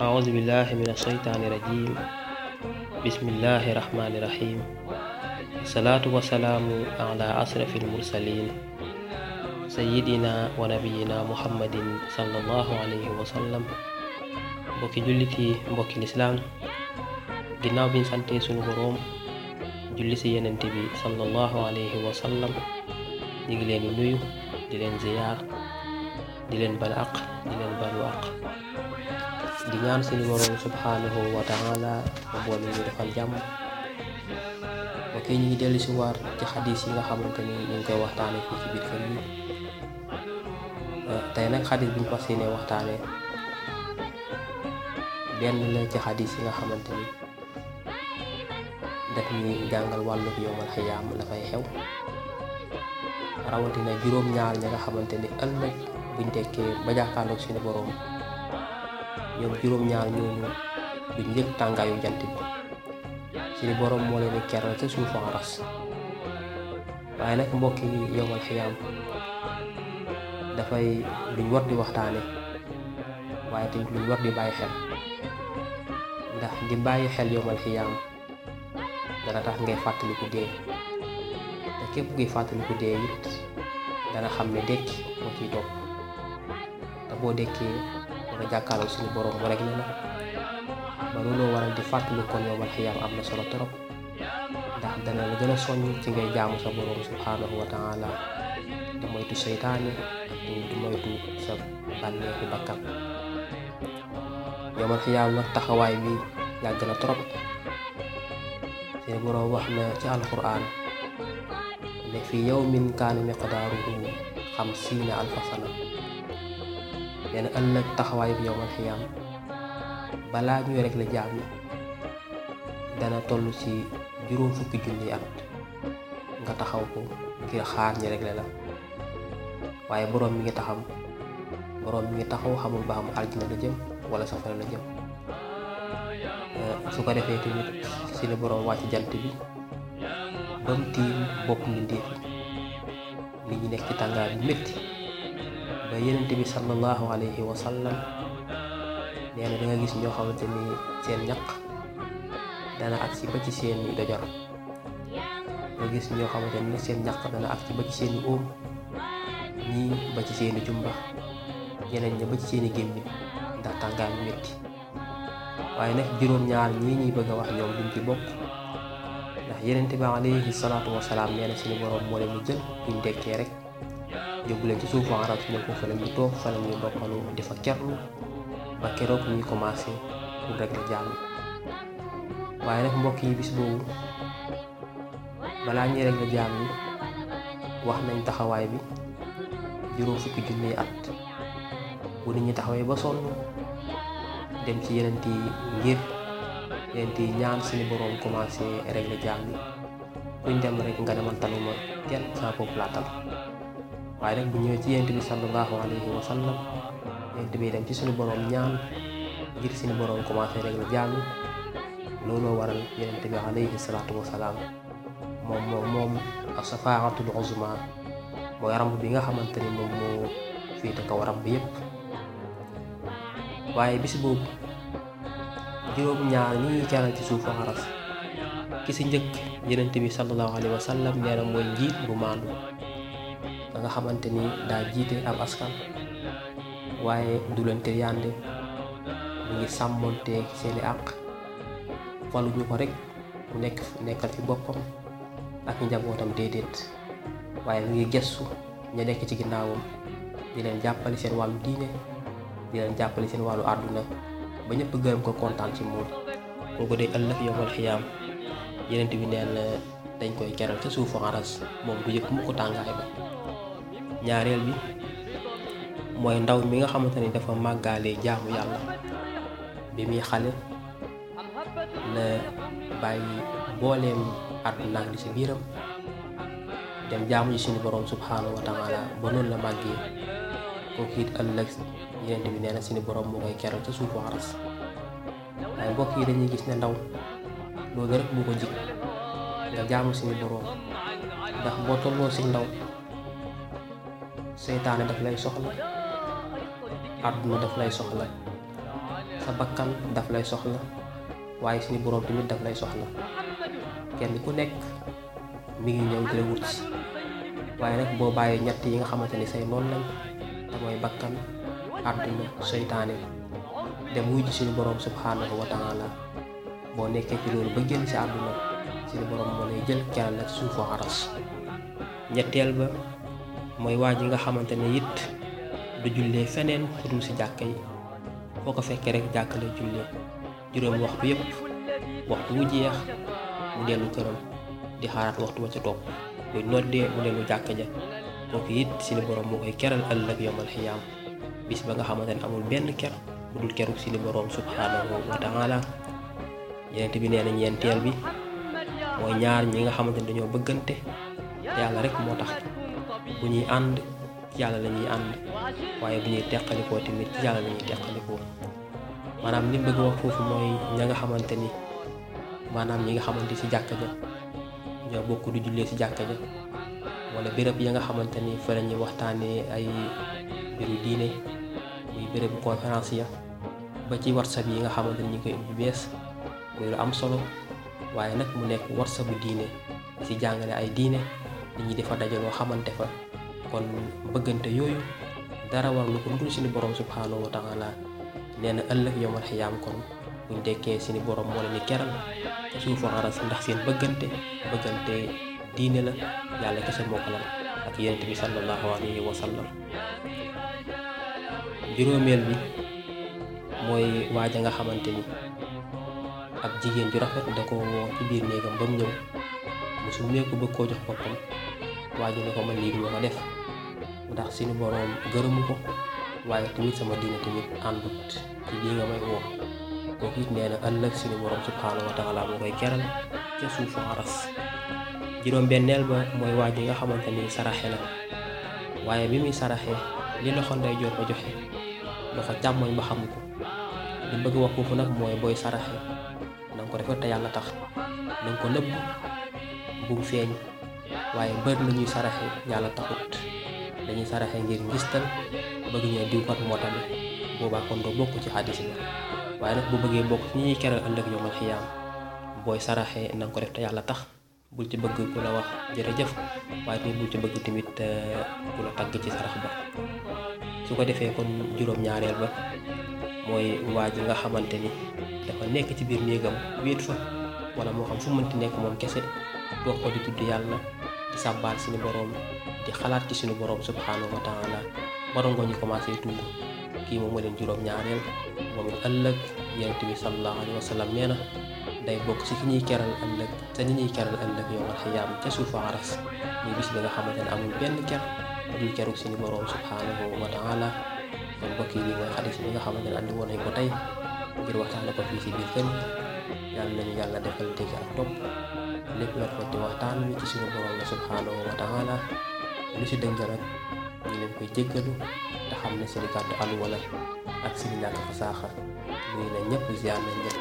أعوذ بالله من الشيطان الرجيم بسم الله الرحمن الرحيم الصلاة والسلام على أشرف المرسلين سيدنا ونبينا محمد صلى الله عليه وسلم mbokki sunu boroom julli si yenent bi di nuyu di leen ziyaar di leen bal aq di leen di ñaan suñu boroom subhanahu wa taala mu ñu defal jàmm ok ñu ngi dellu si ci xadis yi nga xamante ñu koy waxtaane eh, tey nag xadis bi ñu fas yéene benn na ci xadis yi nga xamante ni daf ñuy jàngal wàllu yowmal xiyaam dafay xew rawatina juróom-ñaar ñi nga xamante ni ëllëg buñ tekkee ba jàkkaarloog suñu boroom ñoom juróom-ñaar ñooñu duñ yëg tàngaayu jant bi suñu boroom moo leen di keral ca suufu aras waaye nag mbokk yi yowmal xiyaam dafay luñ war di waxtaane waaye tamit luñ war di bàyyi xel ndax di bàyyi xel yowmal xiyaam dana tax ngay fàttaliku dee te képp kuy fàttaliku dee it dana xam ne dekki moo ciy topp te boo nga jàkkaarloo suñu borom mu rek ne la ba waral di fàttali kon yowmal am na solo trop ndax dana la gën a soññ ci ngay jaamu sa borom subhaanahu wa taala moytu seytaane ak moytu sa bànneexu bakkan yowmal xiyaam nag taxawaay bi yàgg na trop suñu borom wax na ci alquran ne fi yawmin kaana miqdaaruhu xamsiina alfa sana nee na ëllëg taxawaay bi yowmal xiyaam balaa ñuy rek la jaam yi dana toll ci juróom fukki junni at nga taxaw ko ngir xaar ñi rek la waaye boroom mi ngi taxam boroom mi ngi taxaw xamul ba xam aljina la jëm wala safara la jëm su ko defee tamit si la boroom ci jant bi ba mu tiim bopp mbindéef yi nit ñi nekk ci tàngaay bu métti ba yenent bi sallallahu alayhi wa sallam nee na da nga gis ñoo xamante ni seen ñaq dana ak ci ba ci seen i dojor nga gis ñoo xamante ni seen ñaq dana ak ci ba ci seen i óom ñii ba ci seeni i jumba ñeneen ña ba ci seen i gémmiñ ndax tàngaay bu metti waaye nag juróom-ñaar ñii ñuy bëgg a wax ñoom duñ ci bokk ndax yenent bi alayhi salaatu wasalaam nee na suñu borom moo leen mu jël buñ dekkee rek yóbbu leen ci suufu arab si nekk fa ñu toog fa la ñu noppalu di fa kerlu ba keroog ñuy commencé pour rek waaye nag mbokk yi bis boobu balaa ñuy rek la wax nañ taxawaay bi juróom fukki junni at bu nit ñi taxawee ba sonn dem ci yeneen ti ngir yeneen ti ñaan suñu boroom commencé rek la jàll kuñ dem rek nga demal taluma kenn saa bopp laa tal waaye rek bu ñëwee ci yent bi sallallahu alayhi wa sallam yent bii dem ci suñu boroom ñaan ngir suñu boroom commencé rek la jàng looloo waral yent bi alayhi salaatu wa salaam moom moom moom asafaatul uzma mooy ramb bi nga xamante ni moom moo féete kaw ramb yépp waaye bis boobu juróom ñaar ñi ñuy jaral ci suufu xaras ki si njëkk yonent bi sallallahu alayhi wa sallam mooy njiit bu maandu ba nga xamante ni daa jiite am askan waaye du leen te yànde mu ngi sàmmoonteeg seeni àq faluñu ko rek mu nekk nekkal fi boppam ak njabootam déedéet waaye mu ngi gestu ña nekk ci ginnaawam di leen jàppale seen wàllu diine di leen jàppale seen wàllu àdduna ba ñëpp gërëm ko kontaan ci moom kooku dee ëllëg yombal xiyaam yeneen bi neen dañ koy keral ca suufu aras moom du yëg mu tàngaay ba ñaareel bi mooy ndaw mi nga xamante ni dafa màggaale jaamu yàlla bi muy xale na bàyyi booleem àdduna li ci biiram dem jaamu ji suñu boroom subhaanahu wa taala ba noonu la màggee kooku it ëllëg yeneen bi nee na suñu boroom mu koy keral ca suufu aras waaye mbokk yi dañuy gis ne ndaw loolu rek mu ko jig nga jaamu suñu boroom ndax boo tolloo si ndaw seytaane daf lay soxla àdduna daf lay soxla sa bakkan daf lay soxla waaye suñu boroom tamit daf lay soxla kenn ku nekk mi ngi ñëw di la wut si waaye nag boo bàyyee ñett yi nga xamante ni say noonu lañ te mooy bakkan àdduna seytaane dem wuy ji suñu boroom subhaanahu wa taala boo nekkee ci loolu ba génn si àdduna suñu boroom moo lay jël keral ak suufu aras ñetteel ba mooy waa ji nga xamante ne it du jullee feneen ku ci jàkka yi foo ko fekkee rek jàkka lay jullee wax bi yëpp waxtu wu jeex mu dellu këram di xaaraat waxtu wa ca topp buy noddee mu dellu jàkka ja kooku it ci li borom moo koy keral ëllëg yomal xiyaam bis ba nga xamante ne amul benn ker bu dul keru ci li boroom subhaanahu wa taala yenent bi nee na ñeenteel bi mooy ñaar ñi nga xamante ne dañoo bëggante yàlla rek moo tax bu ñuy ànd ci yàlla lañuy ñuy ànd waaye bu ñuy teqalikoo tamit ci yàlla la teqalikoo maanaam li bëgg wax foofu mooy ña nga xamante ni maanaam ñi nga xamante ci jàkka ja ñoo bokk di jullee ci jàkka ja wala béréb ya nga xamante ni fa la waxtaanee ay mbiru diine muy bérébu conférence ya ba ci whatsapp yi nga xamante ni ñu koy ubbi bees muy lu am solo waaye nag mu nekk whatsapp bu diine ci jàngale ay diine nit ñi dafa dajaloo xamante fa kon bëggante yooyu dara war lu ko dul suñu borom subhaanahu wa taala nee na ëllëg yowmal xiyaam kon buñ dekkee suñu borom moo leen di keral te suufu aras ndax seen bëggante bëggante diine la yàlla kese moo la lal ak yonent bi sallallahu alayhi wa sallam juróomeel bi mooy waaja nga xamante ni ab jigéen ju rafet da ko woo ci néegam ba ñëw mu summeeku bëgg koo jox boppam waa ji ne ko man lii ndax suñu boroom gërëmu ko waaye sama diine tamit àndut ci lii nga may woo kooku it nee na ëllëg suñu boroom subhaanahu wa koy keral ca suufu aras juróom-benneel mooy waa ji nga xamante ni saraxe na waaye bi muy saraxe li loxo ndeyjoor ba joxe loxo càmmoñ ba xamu ko li bëgg wax foofu nag mooy booy saraxe na ko defal te yàlla tax na ko nëbb bu feeñ waaye mbër la ñuy saraxe yàlla taxut dañuy saraxe ngir ngistal bëgg ñoo diw kat moo tamit boobaa kon doo bokk ci xaddis bi waaye nag bu bëggee bokk ci ñuy keral ëllëg yowmal xiyaam booy saraxee na nga ko def te yàlla tax bul ci bëgg ku la wax jërëjëf waaye tamit bul ci bëgg tamit eh, ku la tagg ci sarax ba su ko defee kon juróom-ñaareel ba mooy waa nga xamante ni dafa nekk ci biir néegam wéet fa wala moo xam fu mënti nekk moom kese boo ko di di sàbbaal suñu boroom di xalaat ci suñu boroom subhaanahu wa taala ba rongo ñu commencé tuub kii moom ma leen juróom ñaareel moom it ëllëg yonent sa sallallahu alayhi wa day bokk ci ki ñuy keral ëllëg te ñi ñuy keral ëllëg yowmal xiyaam ca muy bis bi nga xamante ne amul benn ker dul kerug suñu boroom subhaanahu wa taala kon yi lii mooy xadis bi nga xamante ne andi woon nañ ko tey ngir waxtaane ko fii si biir kër yàlla nañu yàlla defal dégg ak topp lépp la ko di waxtaan wi ci suñu borom la subhaanahu wa taala lu si dëng rek ñu leen koy jéggalu te xam ne seen kàddu àll wala ak seen ñàkk fasaaxa ñu ngi leen ñëpp ziar nañ ñëpp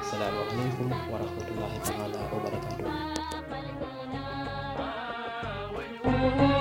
asalaamaaleykum wa rahmatullahi taala wa barakatuh